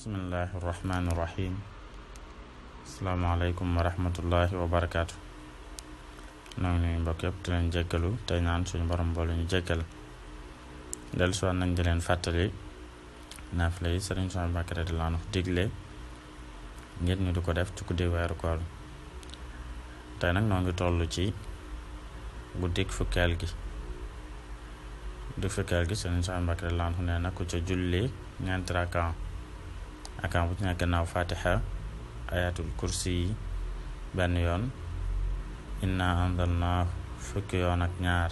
Bismillahirrahmanirrahim Assalamualaikum warahmatullahi wabarakatuh. nang ni noo ngi nuyu mbokk yëpp di leen jéggalu tey naan suñu borom bo ñu jéggal dellu si nañ di len fàttali naafila yi sëriñ Sooy Mbàkke radiyallaahu anhu digle ngir ñu di ko def ci guddi weeru koor tey nag noo ngi toll ci guddik fukkeel gi du fukkeel gi sëriñ Sooy Mbàkke radiyallaahu anhu nee na ku ca julli ñeenti rakkaa rakkaam bu ci nekk gannaaw fatiha ayatul kursi benn yoon inna anzalnaa fukki yoon ak ñaar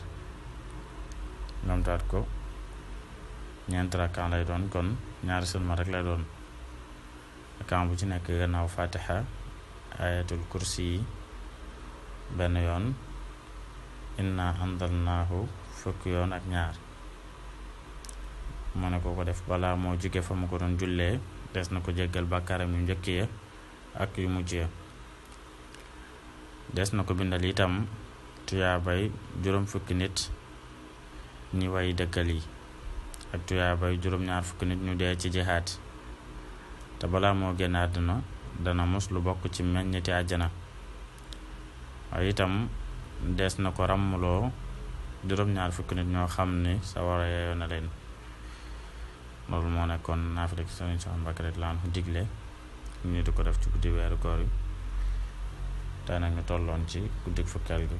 ñoomtaat ko ñeent rakkaam lay doon kon ñaari sëlma rek lay doon rakkaam bu ci nekk gannaaw fatiha ayatul kursi yi benn yoon inna anzalnaahu fukk yoon ak ñaar mu ne ko ko def balaa moo jóge fa mu ko doon jullee des na ko jéggal bàkkaaram yu njëkk ya ak yu mujj ya des na ko bindal itam tuyaabay juróom fukki nit ñi way dëkkal yi ak tuyaabay juróom ñaar fukki nit ñu dee ci jihaat te balaa moo génn àddina dana mos lu bokk ci meññiti àjjana waaye itam des na ko ràmmloo juróom ñaar fukki nit ñoo xam ni sa war a yoyoo na leen loolu moo nekkoon naafila gi sëriñ Cheikh Mbacké radiyallaahu anhu digle ñu di ko def ci guddi weeru koor yi tey nag ñu tolloon ci guddi fukkeel gi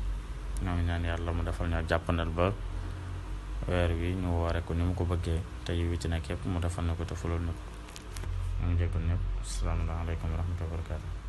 ñoo ngi ñaan yàlla mu defal ñoo jàppandal ba weer wi ñu woore ko ni mu ko bëggee te yi wi ci nekk yëpp mu defal na ko te fulal na ko ñu ngi jégalu ñëpp asalaamaaleykum wa rahmatullaahi